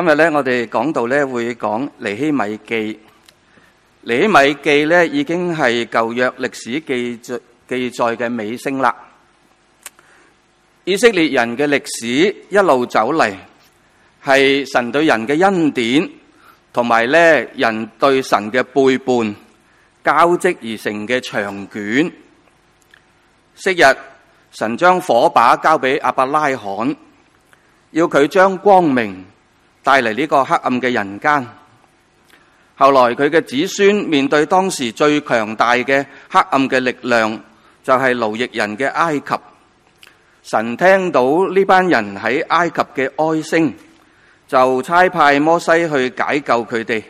今日咧，我哋講到咧會講尼希米記。尼希米記咧已經係舊約歷史記載記載嘅尾聲啦。以色列人嘅歷史一路走嚟，係神對人嘅恩典，同埋咧人對神嘅背叛交織而成嘅長卷。昔日神將火把交俾亞伯拉罕，要佢將光明帶嚟呢個黑暗嘅人間。後來佢嘅子孫面對當時最強大嘅黑暗嘅力量，就係奴役人嘅埃及。神聽到呢班人喺埃及嘅哀聲，就差派摩西去解救佢哋。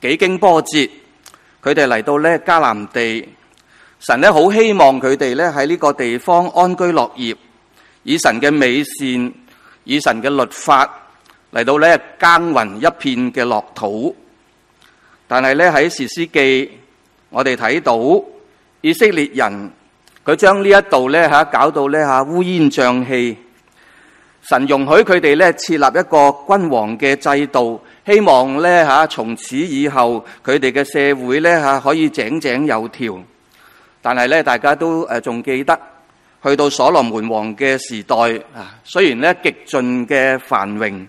幾經波折，佢哋嚟到呢迦南地。神咧好希望佢哋咧喺呢個地方安居樂業，以神嘅美善，以神嘅律法。嚟到呢耕耘一片嘅樂土，但係呢，喺《士師記》，我哋睇到以色列人佢將呢一度呢嚇搞到呢，嚇烏煙瘴氣。神容許佢哋呢設立一個君王嘅制度，希望呢，嚇從此以後佢哋嘅社會呢嚇可以井井有條。但係呢，大家都誒仲記得去到所羅門王嘅時代啊，雖然呢極盡嘅繁榮。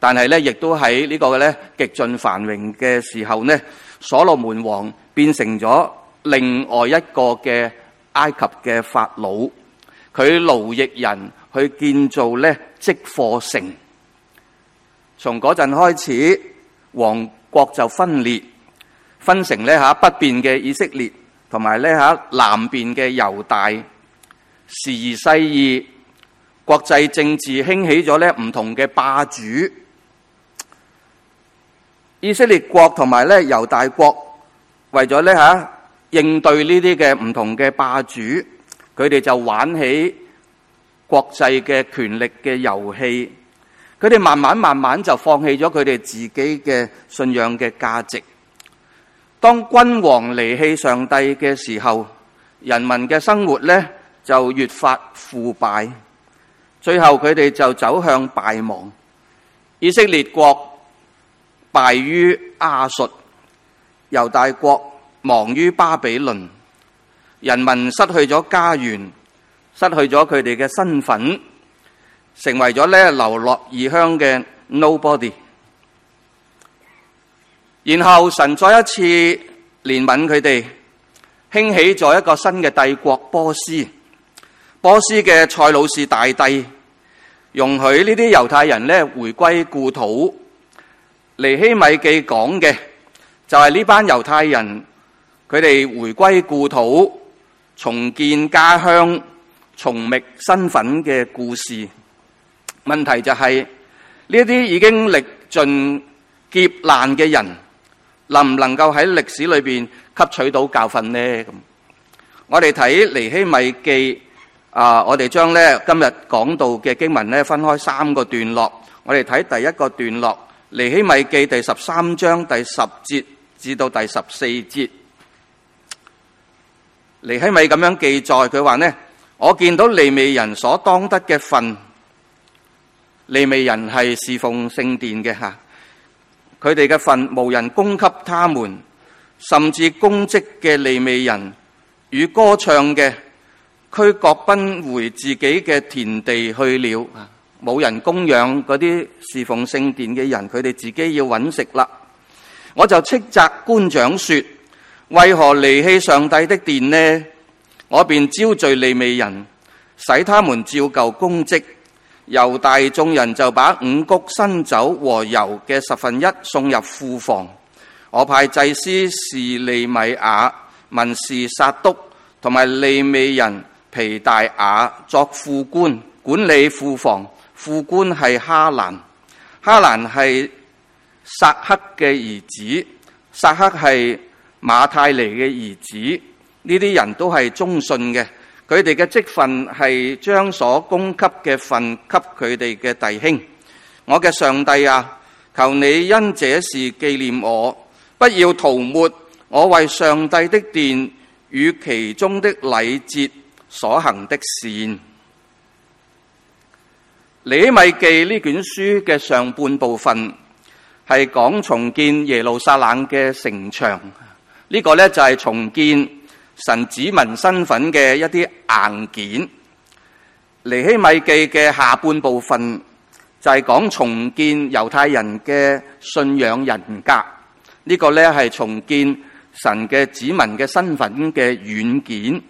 但係呢，亦都喺呢個呢極盡繁榮嘅時候呢，所羅門王變成咗另外一個嘅埃及嘅法老，佢奴役人，去建造呢積貨城。從嗰陣開始，王國就分裂，分成呢下北邊嘅以色列，同埋呢下南邊嘅猶大。時移世易，國際政治興起咗呢唔同嘅霸主。以色列國同埋呢猶大國，為咗呢吓應對呢啲嘅唔同嘅霸主，佢哋就玩起國際嘅權力嘅遊戲。佢哋慢慢慢慢就放棄咗佢哋自己嘅信仰嘅價值。當君王離棄上帝嘅時候，人民嘅生活呢就越發腐敗，最後佢哋就走向敗亡。以色列國。敗於亞述，猶大國亡於巴比倫，人民失去咗家園，失去咗佢哋嘅身份，成為咗呢流落異鄉嘅 nobody。然後神再一次憐憫佢哋，興起咗一個新嘅帝國波斯。波斯嘅塞魯士大帝容許呢啲猶太人呢回歸故土。尼希米記講嘅就係、是、呢班猶太人，佢哋回歸故土，重建家鄉，重覓身份嘅故事。問題就係呢啲已經歷盡劫難嘅人，能唔能夠喺歷史裏面吸取到教訓呢？我哋睇尼希米記啊，我哋將今日講到嘅經文分開三個段落，我哋睇第一個段落。尼希米記第十三章第十節至到第十四節，尼希米咁樣記載，佢話呢，我見到利未人所當得嘅份，利未人係侍奉聖殿嘅吓，佢哋嘅份無人供給他們，甚至公職嘅利未人與歌唱嘅俱各奔回自己嘅田地去了冇人供養嗰啲侍奉聖殿嘅人，佢哋自己要揾食啦。我就斥責官長，說：為何離棄上帝的殿呢？我便招聚利未人，使他們照舊公職。猶大眾人就把五穀、新酒和油嘅十分一送入庫房。我派祭司是利米亞、文士撒督同埋利未人皮大雅作副官，管理庫房。副官係哈蘭，哈蘭係撒克嘅兒子，撒克係馬太尼嘅兒子，呢啲人都係忠信嘅，佢哋嘅職份係將所供給嘅份給佢哋嘅弟兄。我嘅上帝啊，求你因這事紀念我，不要塗抹我為上帝的殿與其中的禮節所行的善。《尼希米記》呢卷書嘅上半部分係講重建耶路撒冷嘅城牆，呢、這個呢就係重建神子民身份嘅一啲硬件。《尼希米記》嘅下半部分就係、是、講重建猶太人嘅信仰人格，呢、這個呢係重建神嘅子民嘅身份嘅軟件。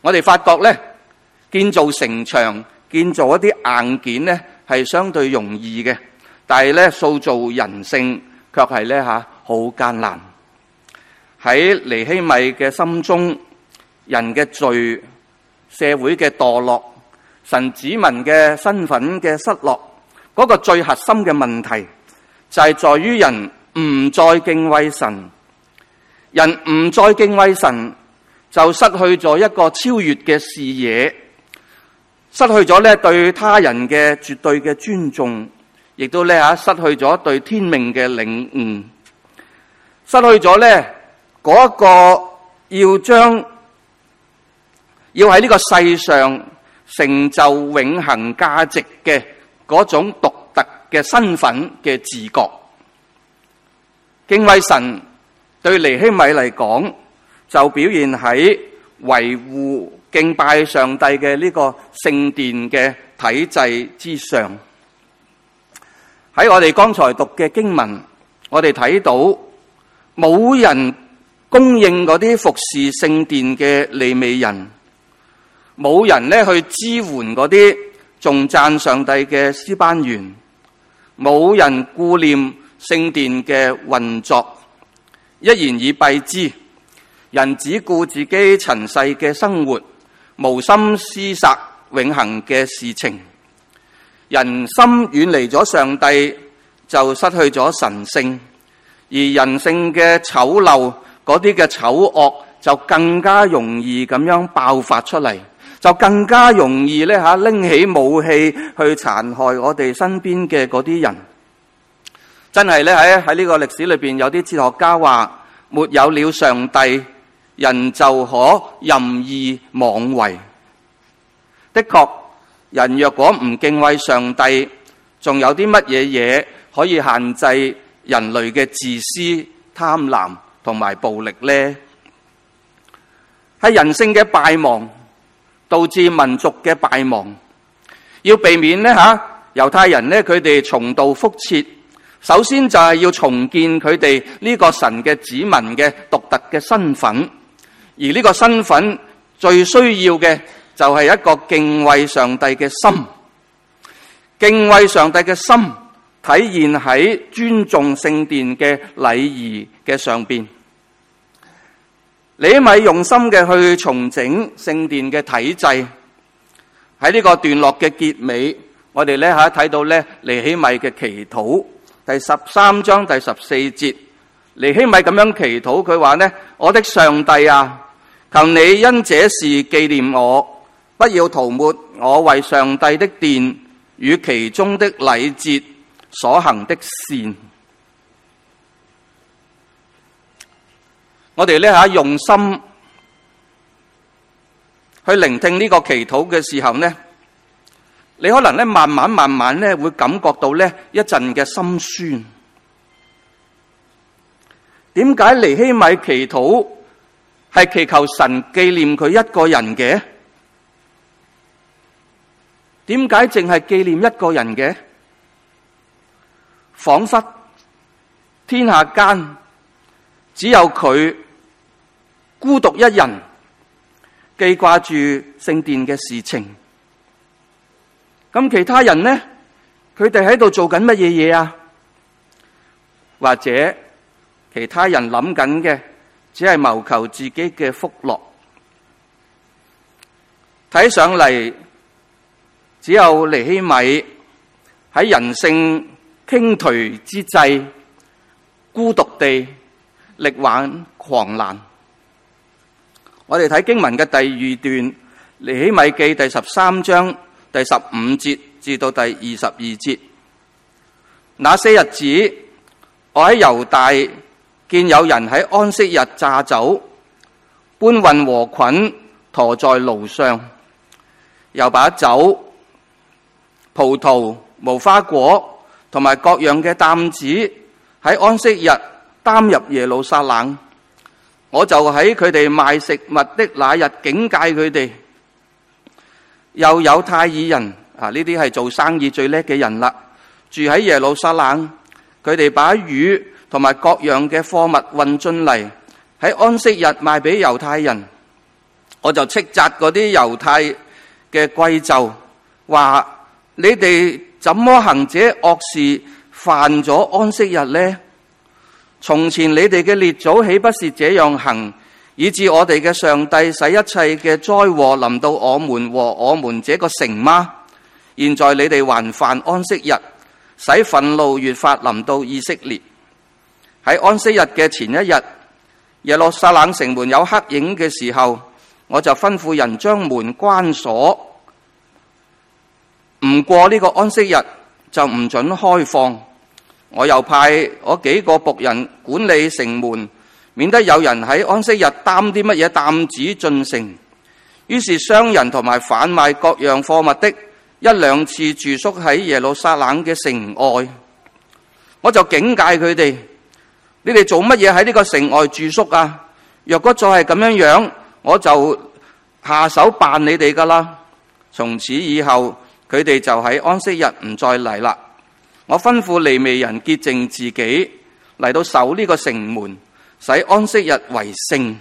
我哋發覺呢，建造城牆。建造一啲硬件呢，係相對容易嘅，但係咧塑造人性，卻係咧吓好艱難。喺尼希米嘅心中，人嘅罪、社會嘅墮落、神子民嘅身份嘅失落，嗰個最核心嘅問題就係在於人唔再敬畏神，人唔再敬畏神，就失去咗一個超越嘅視野。失去咗咧對他人嘅絕對嘅尊重，亦都咧嚇失去咗對天命嘅領悟，失去咗咧嗰個要將要喺呢個世上成就永恆價值嘅嗰種獨特嘅身份嘅自覺，敬畏神對尼希米嚟講就表現喺維護。敬拜上帝嘅呢個聖殿嘅體制之上，喺我哋剛才讀嘅經文，我哋睇到冇人供應嗰啲服侍聖殿嘅利未人，冇人呢去支援嗰啲仲讚上帝嘅詩班員，冇人顧念聖殿嘅運作，一言以蔽之，人只顧自己塵世嘅生活。無心施殺永恆嘅事情，人心遠離咗上帝，就失去咗神聖；而人性嘅醜陋嗰啲嘅醜惡就更加容易咁樣爆發出嚟，就更加容易呢吓拎起武器去殘害我哋身邊嘅嗰啲人，真係呢。喺喺呢個歷史裏邊有啲哲學家話，沒有了上帝。人就可任意妄為。的確，人若果唔敬畏上帝，仲有啲乜嘢嘢可以限制人類嘅自私、貪婪同埋暴力呢？係，人性嘅敗亡，導致民族嘅敗亡。要避免呢，吓猶太人呢，佢哋重蹈覆轍。首先就係要重建佢哋呢個神嘅子民嘅獨特嘅身份。而呢個身份最需要嘅就係一個敬畏上帝嘅心，敬畏上帝嘅心體現喺尊重聖殿嘅禮儀嘅上邊。尼希米用心嘅去重整聖殿嘅體制。喺呢個段落嘅結尾，我哋呢吓睇到呢，尼希米嘅祈禱，第十三章第十四節，尼希米咁樣祈禱，佢話呢：「我的上帝啊！求你因這事紀念我，不要塗抹我為上帝的殿與其中的禮節所行的善。我哋呢下用心去聆聽呢個祈禱嘅時候呢，你可能呢慢慢慢慢呢會感覺到呢一陣嘅心酸。點解尼希米祈禱？係祈求神紀念佢一個人嘅，點解淨係紀念一個人嘅？仿佛天下間只有佢孤獨一人，記掛住聖殿嘅事情。咁其他人呢？佢哋喺度做緊乜嘢嘢啊？或者其他人諗緊嘅？只係謀求自己嘅福樂，睇上嚟只有尼希米喺人性傾頹之際，孤獨地力挽狂瀾。我哋睇經文嘅第二段《尼希米記》第十三章第十五節至到第二十二節，那些日子我喺猶大。見有人喺安息日榨酒、搬運禾捆、馱在路上，又把酒、葡萄、無花果同埋各樣嘅擔子喺安息日擔入耶路撒冷，我就喺佢哋賣食物的那日警戒佢哋。又有泰爾人啊，呢啲係做生意最叻嘅人啦，住喺耶路撒冷，佢哋把魚。同埋各樣嘅貨物運進嚟，喺安息日賣俾猶太人，我就斥責嗰啲猶太嘅貴胄，話你哋怎麼行這惡事，犯咗安息日呢？從前你哋嘅列祖豈不是這樣行，以致我哋嘅上帝使一切嘅災禍臨到我們和我們這個城嗎？現在你哋還犯安息日，使憤怒越發臨到以色列。喺安息日嘅前一日，耶路撒冷城門有黑影嘅時候，我就吩咐人將門關鎖。唔過呢個安息日就唔准開放。我又派我幾個僕人管理城門，免得有人喺安息日擔啲乜嘢擔子進城。於是商人同埋販賣各樣貨物的一兩次住宿喺耶路撒冷嘅城外，我就警戒佢哋。你哋做乜嘢喺呢個城外住宿啊？若果再係咁樣樣，我就下手辦你哋噶啦！從此以後，佢哋就喺安息日唔再嚟啦。我吩咐利未人潔淨自己，嚟到守呢個城門，使安息日為聖。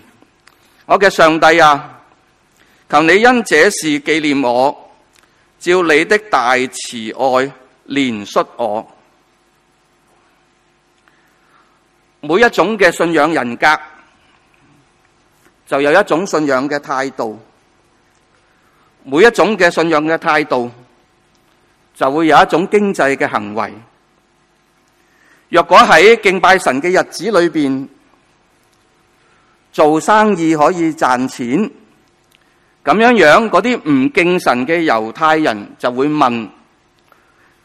我嘅上帝啊，求你因這事紀念我，照你的大慈愛憐恤我。每一種嘅信仰人格，就有一種信仰嘅態度；每一種嘅信仰嘅態度，就會有一種經濟嘅行為。若果喺敬拜神嘅日子裏邊做生意可以賺錢，咁樣樣嗰啲唔敬神嘅猶太人就會問：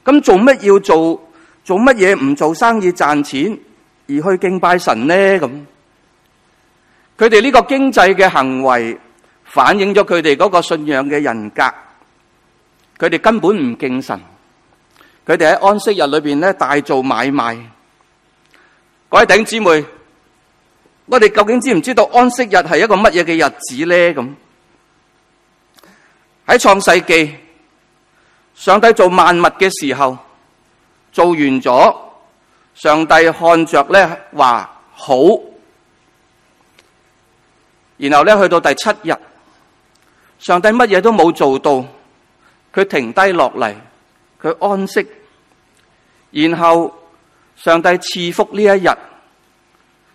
咁做乜要做？做乜嘢唔做生意賺錢？而去敬拜神呢，咁，佢哋呢個經濟嘅行為反映咗佢哋嗰個信仰嘅人格。佢哋根本唔敬神，佢哋喺安息日裏邊咧大做買賣。各位弟兄姊妹，我哋究竟知唔知道安息日係一個乜嘢嘅日子咧咁？喺創世記上帝做萬物嘅時候，做完咗。上帝看着呢話好，然後呢去到第七日，上帝乜嘢都冇做到，佢停低落嚟，佢安息，然後上帝賜福呢一日，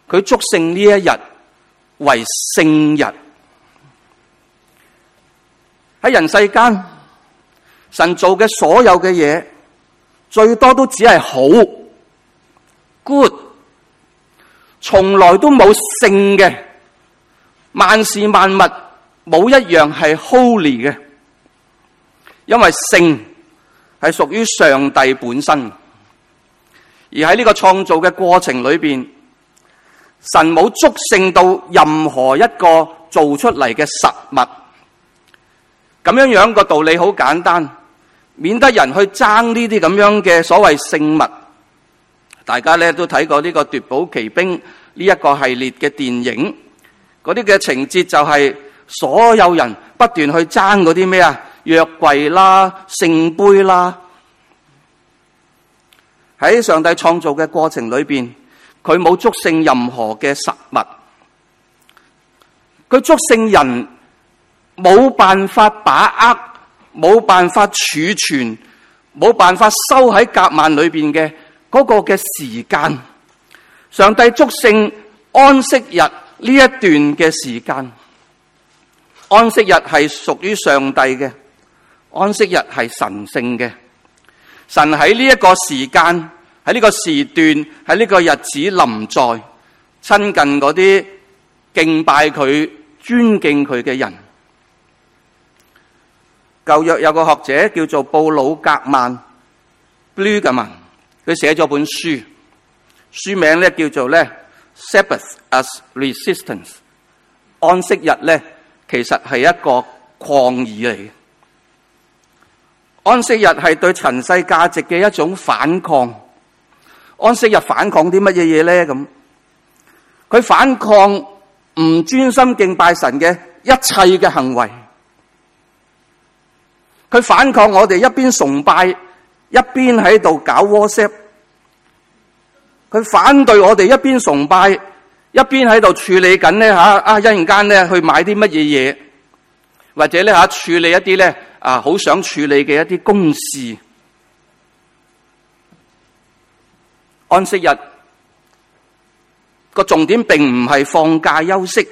佢祝聖呢一日為聖日。喺人世間，神做嘅所有嘅嘢，最多都只係好。Good，從來都冇聖嘅，萬事萬物冇一樣係 Holy 嘅，因為聖係屬於上帝本身，而喺呢個創造嘅過程裏邊，神冇祝聖到任何一個做出嚟嘅實物，咁樣樣個道理好簡單，免得人去爭呢啲咁樣嘅所謂聖物。大家呢都睇過呢、這個奪寶奇兵呢一、這個系列嘅電影，嗰啲嘅情節就係所有人不斷去爭嗰啲咩啊藥櫃啦、聖杯啦。喺上帝創造嘅過程裏邊，佢冇足勝任何嘅實物，佢足勝人冇辦法把握、冇辦法儲存、冇辦法收喺夾萬裏邊嘅。嗰個嘅時間，上帝祝聖安息日呢一段嘅時間，安息日係屬於上帝嘅，安息日係神聖嘅，神喺呢一個時間喺呢個時段喺呢個日子臨在親近嗰啲敬拜佢尊敬佢嘅人。舊約有個學者叫做布魯格曼 b l u 佢寫咗本書，書名咧叫做咧《Sabbath as Resistance》。安息日咧其實係一個抗議嚟嘅。安息日係對塵世價值嘅一種反抗。安息日反抗啲乜嘢嘢咧？咁佢反抗唔專心敬拜神嘅一切嘅行為。佢反抗我哋一邊崇拜一邊喺度搞 WhatsApp。佢反對我哋一邊崇拜，一邊喺度處理緊呢嚇啊！一陣間呢去買啲乜嘢嘢，或者呢嚇處理一啲呢啊，好想處理嘅一啲公事。安息日個重點並唔係放假休息，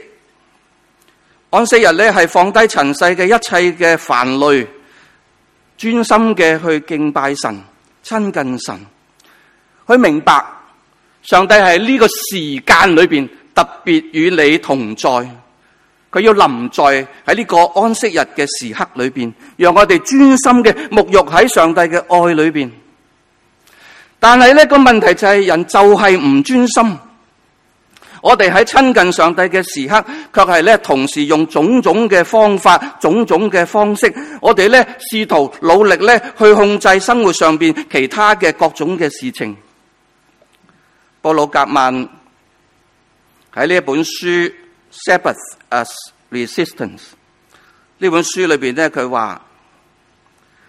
安息日呢係放低塵世嘅一切嘅繁累，專心嘅去敬拜神、親近神，佢明白。上帝喺呢個時間裏面特別與你同在，佢要臨在喺呢個安息日嘅時刻裏面，讓我哋專心嘅沐浴喺上帝嘅愛裏面。但係呢個問題就係人就係唔專心，我哋喺親近上帝嘅時刻，卻係同時用種種嘅方法、種種嘅方式，我哋呢試圖努力去控制生活上面其他嘅各種嘅事情。布魯格曼喺呢本書《Sabbath as Resistance》，呢本書裏面他說，他佢話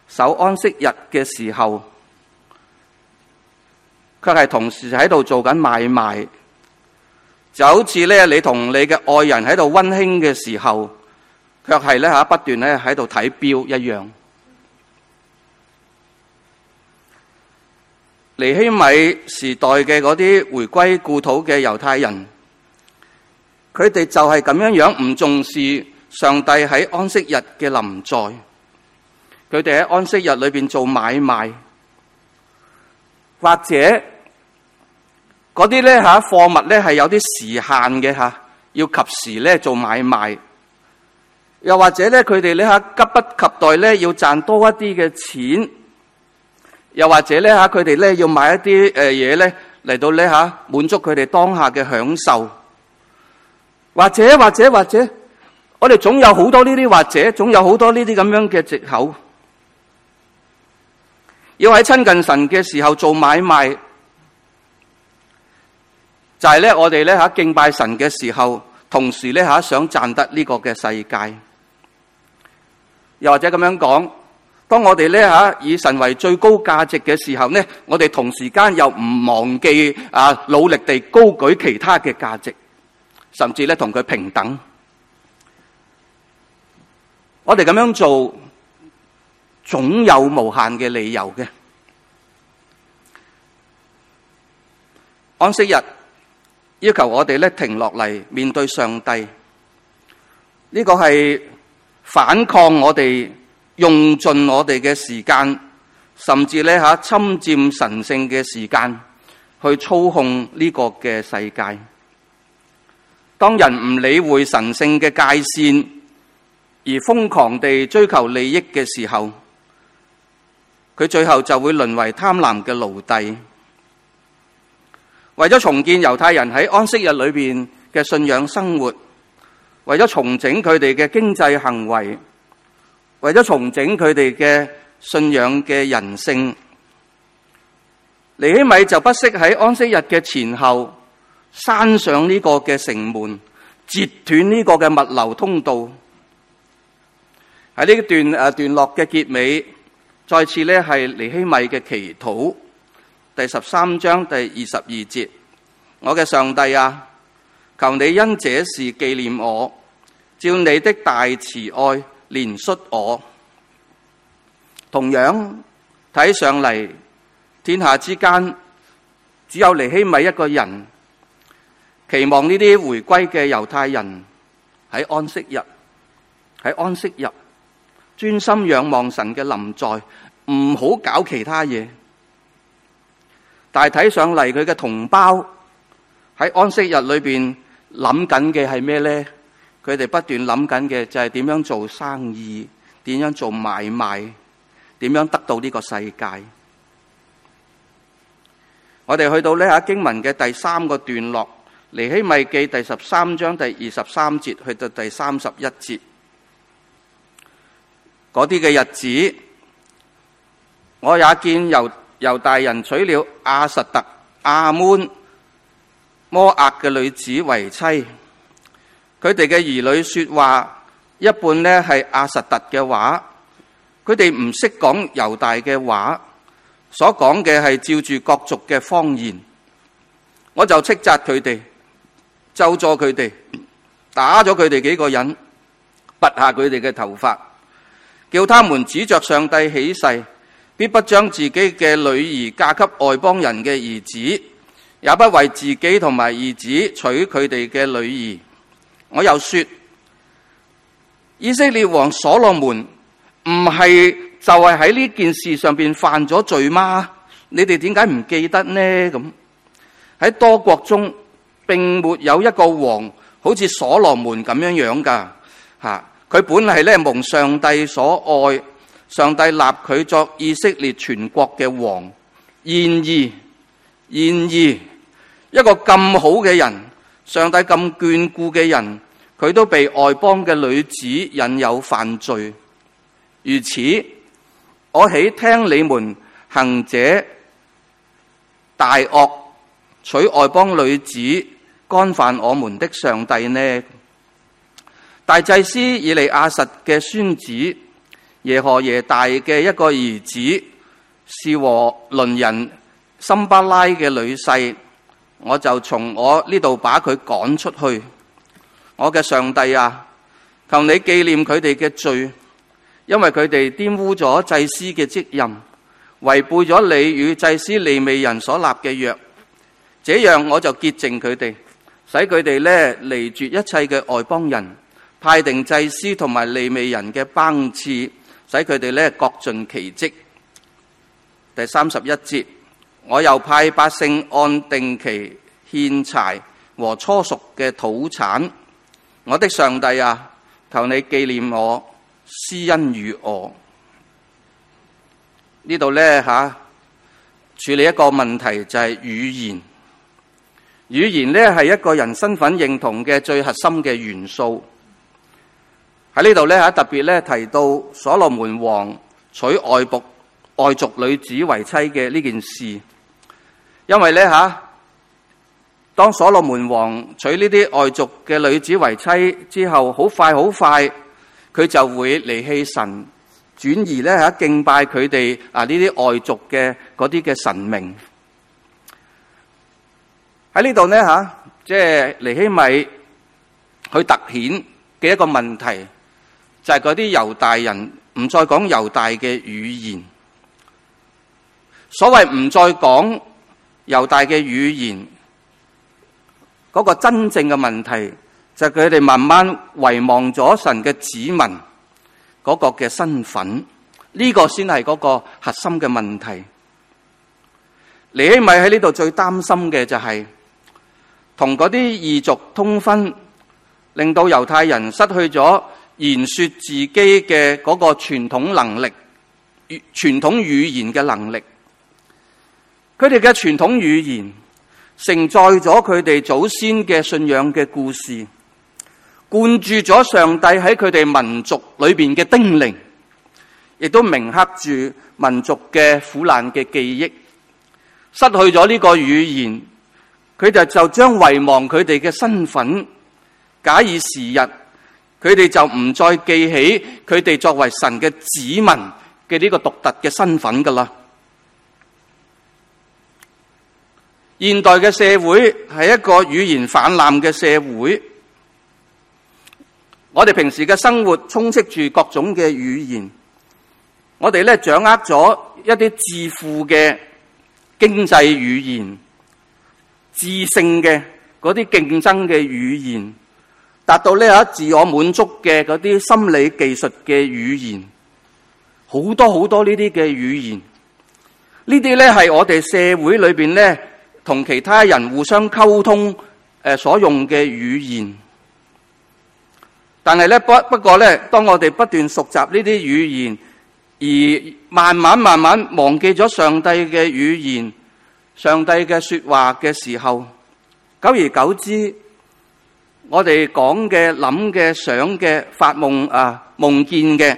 守安息日嘅時候，佢係同時喺度做緊買賣，就好似你同你嘅愛人喺度溫馨嘅時候，卻係不斷在喺度睇表一樣。尼希米時代嘅嗰啲回歸故土嘅猶太人，佢哋就係咁樣樣唔重視上帝喺安息日嘅臨在，佢哋喺安息日裏面做買賣，或者嗰啲咧嚇貨物咧係有啲時限嘅嚇，要及時咧做買賣，又或者咧佢哋咧嚇急不及待咧要賺多一啲嘅錢。又或者呢，吓，佢哋呢要買一啲誒嘢呢嚟到呢，吓，滿足佢哋當下嘅享受，或者或者或者，我哋總有好多呢啲或者，總有好多呢啲咁樣嘅借口，要喺親近神嘅時候做買賣，就係呢，我哋呢，吓敬拜神嘅時候，同時呢，吓想賺得呢個嘅世界，又或者咁樣講。當我哋咧吓以神為最高價值嘅時候，我哋同時間又唔忘記啊努力地高舉其他嘅價值，甚至咧同佢平等。我哋咁樣做，總有無限嘅理由嘅。安息日要求我哋咧停落嚟面對上帝，呢、這個係反抗我哋。用盡我哋嘅時間，甚至呢吓侵占神聖嘅時間，去操控呢個嘅世界。當人唔理會神聖嘅界線，而瘋狂地追求利益嘅時候，佢最後就會淪為貪婪嘅奴隸。為咗重建猶太人喺安息日裏邊嘅信仰生活，為咗重整佢哋嘅經濟行為。為咗重整佢哋嘅信仰嘅人性，尼希米就不惜喺安息日嘅前後閂上呢個嘅城門，截斷呢個嘅物流通道。喺呢段誒段落嘅結尾，再次呢係尼希米嘅祈禱，第十三章第二十二節：我嘅上帝啊，求你因這事紀念我，照你的大慈愛憐恤我。同樣睇上嚟，天下之間只有尼希米一個人，期望呢啲回歸嘅猶太人喺安息日、喺安息日專心仰望神嘅臨在，唔好搞其他嘢。但係睇上嚟佢嘅同胞喺安息日裏邊諗緊嘅係咩呢？佢哋不斷諗緊嘅就係點樣做生意，點樣做買賣，點樣得到呢個世界。我哋去到呢下經文嘅第三個段落，《尼希米記》第十三章第二十三節去到第三十一節，嗰啲嘅日子，我也見猶，猶大人娶了亞實突、亞捫、摩押嘅女子為妻。佢哋嘅兒女說話，一半呢係亞實突嘅話，佢哋唔識講猶大嘅話，所講嘅係照住各族嘅方言。我就斥責佢哋，咒咗佢哋，打咗佢哋幾個人，拔下佢哋嘅頭髮，叫他們指着上帝起誓，必不將自己嘅女兒嫁給外邦人嘅兒子，也不為自己同埋兒子娶佢哋嘅女兒。我又說，以色列王所羅門唔係就係喺呢件事上面犯咗罪嗎？你哋點解唔記得呢？咁喺多國中，並沒有一個王好似所羅門咁樣樣㗎。佢本嚟呢係蒙上帝所愛，上帝立佢作以色列全國嘅王。然而，然而，一個咁好嘅人。上帝咁眷顧嘅人，佢都被外邦嘅女子引誘犯罪。如此，我豈聽你們行這大惡，娶外邦女子干犯我們的上帝呢？大祭司以利亞實嘅孫子耶何耶大嘅一個兒子，是和倫人參巴拉嘅女婿。我就從我呢度把佢趕出去。我嘅上帝啊，求你紀念佢哋嘅罪，因為佢哋玷污咗祭司嘅職任，違背咗你與祭司利未人所立嘅約。這樣，我就潔淨佢哋，使佢哋呢離絕一切嘅外邦人，派定祭司同埋利未人嘅班次，使佢哋呢各盡其職。第三十一節。我又派百姓按定期獻柴和初熟嘅土產，我的上帝啊，求你紀念我，施恩與我。呢度呢，處理一個問題就是語言。語言呢是一個人身份認同嘅最核心嘅元素。喺呢度呢，特別呢提到所羅門王娶外邦外族女子為妻嘅呢件事。因為呢當所羅門王娶呢啲外族嘅女子為妻之後，好快好快，佢就會離棄神，轉移呢，敬拜佢哋啊呢啲外族嘅嗰啲嘅神明。喺呢度呢，即係尼希米去突顯嘅一個問題，就係嗰啲猶大人唔再講猶大嘅語言。所謂唔再講。猶大嘅語言嗰、那個真正嘅問題就係佢哋慢慢遺忘咗神嘅子民嗰、那個嘅身份，呢、這個先係嗰個核心嘅問題。尼希米喺呢度最擔心嘅就係同嗰啲異族通婚，令到猶太人失去咗言說自己嘅嗰個傳統能力、傳統語言嘅能力。佢哋嘅傳統語言承載咗佢哋祖先嘅信仰嘅故事，灌注咗上帝喺佢哋民族裏面嘅叮嚀，亦都銘刻住民族嘅苦難嘅記憶。失去咗呢個語言，佢哋就將遺忘佢哋嘅身份。假以時日，佢哋就唔再記起佢哋作為神嘅子民嘅呢個獨特嘅身份㗎啦。現代嘅社會係一個語言泛濫嘅社會，我哋平時嘅生活充斥住各種嘅語言，我哋呢掌握咗一啲致富嘅經濟語言、智性嘅嗰啲競爭嘅語言，達到呢自我滿足嘅嗰啲心理技術嘅語言，好多好多呢啲嘅語言，呢啲呢係我哋社會裏面呢。同其他人互相溝通，誒所用嘅語言，但係咧不不過咧，當我哋不斷熟習呢啲語言，而慢慢慢慢忘記咗上帝嘅語言、上帝嘅説話嘅時候，久而久之，我哋講嘅、諗嘅、想嘅、發夢啊、呃、夢見嘅，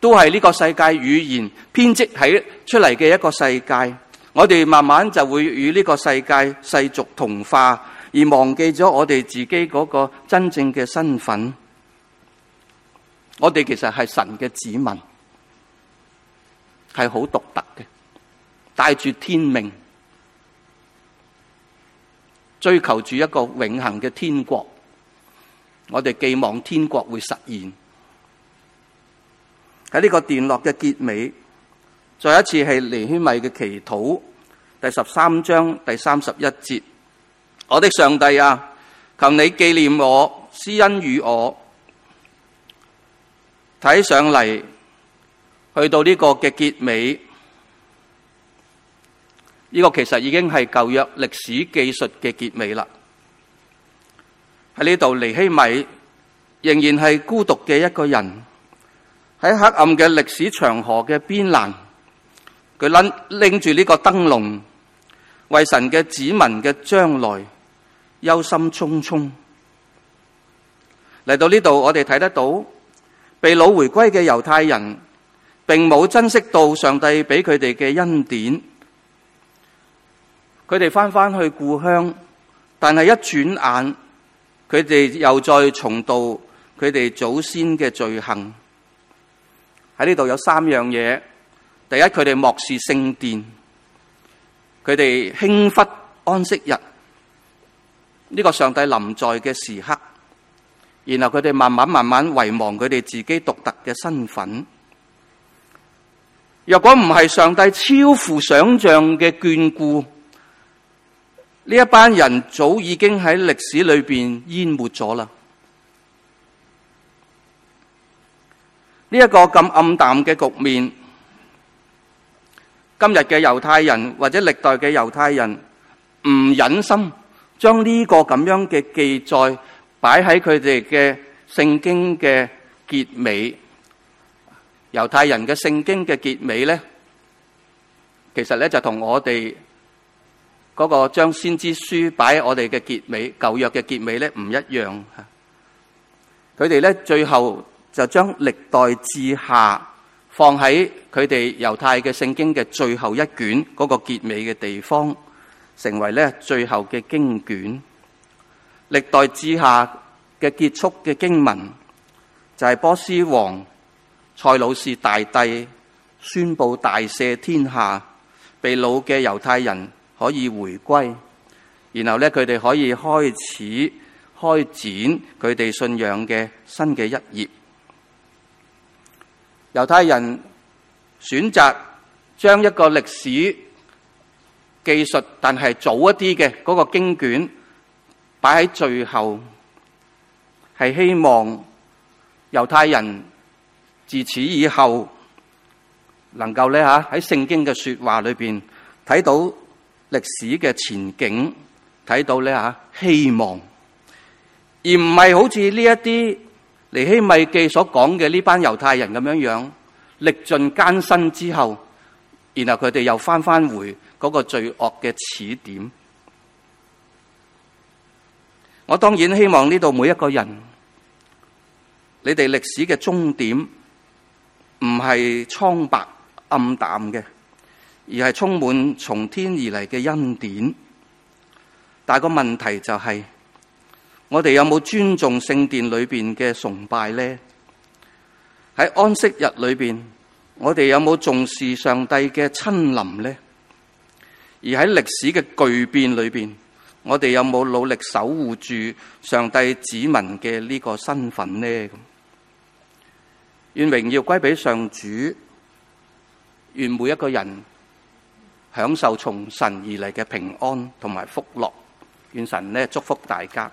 都係呢個世界語言編織喺出嚟嘅一個世界。我哋慢慢就會與呢個世界世俗同化，而忘記咗我哋自己嗰個真正嘅身份。我哋其實係神嘅子民，係好獨特嘅，帶住天命，追求住一個永恆嘅天國。我哋寄望天國會實現喺呢個段落嘅結尾。再一次是尼希米嘅祈禱，第十三章第三十一節，我的上帝啊，求你紀念我，施恩與我。睇上嚟，去到呢個嘅結尾，呢、呢個其實已經係舊約歷史記述嘅結尾了，喺呢度，尼希米仍然係孤獨嘅一個人，喺黑暗嘅歷史長河嘅邊欄。佢拎住呢個燈籠，為神嘅子民嘅將來憂心忡忡。嚟到呢度，我哋睇得到被擄回歸嘅猶太人，並冇珍惜到上帝畀佢哋嘅恩典。佢哋翻返去故鄉，但係一轉眼，佢哋又再重蹈佢哋祖先嘅罪行。喺呢度有三樣嘢。第一，佢哋漠視聖殿，佢哋輕忽安息日呢個上帝臨在嘅時刻，然後佢哋慢慢慢慢遺忘佢哋自己獨特嘅身份。若果唔係上帝超乎想象嘅眷顧，呢一班人早已經喺歷史裏邊淹沒咗啦。呢一個咁暗淡嘅局面。今日嘅猶太人或者歷代嘅猶太人唔忍心將呢個這樣嘅記載擺喺佢哋嘅聖經嘅結尾，猶太人嘅聖經嘅結尾呢，其實呢，就同我哋嗰個將先知書擺我哋嘅結尾舊約嘅結尾呢，唔一樣。佢哋呢，最後就將歷代志下。放喺佢哋猶太嘅聖經嘅最後一卷嗰、那個結尾嘅地方，成為呢最後嘅經卷。歷代志下嘅結束嘅經文就係波斯王塞魯士大帝宣布大赦天下，被擄嘅猶太人可以回歸，然後呢，佢哋可以開始開展佢哋信仰嘅新嘅一頁。猶太人選擇將一個歷史技術，但係早一啲嘅嗰個經卷擺喺最後，係希望猶太人自此以後能夠呢下喺聖經嘅説話裏邊睇到歷史嘅前景，睇到呢下希望，而唔係好似呢一啲。尼希米記所講嘅呢班猶太人咁樣樣，歷盡艱辛之後，然後佢哋又返返回嗰個罪惡嘅始點。我當然希望呢度每一個人，你哋歷史嘅終點唔係蒼白暗淡嘅，而係充滿從天而來嘅恩典。但係個問題就係、是。我哋有冇尊重聖殿裏邊嘅崇拜呢？喺安息日裏邊，我哋有冇重視上帝嘅親臨呢？而喺歷史嘅巨變裏邊，我哋有冇努力守護住上帝子民嘅呢個身份呢？願榮耀歸畀上主，願每一個人享受從神而嚟嘅平安同埋福樂，願神呢祝福大家。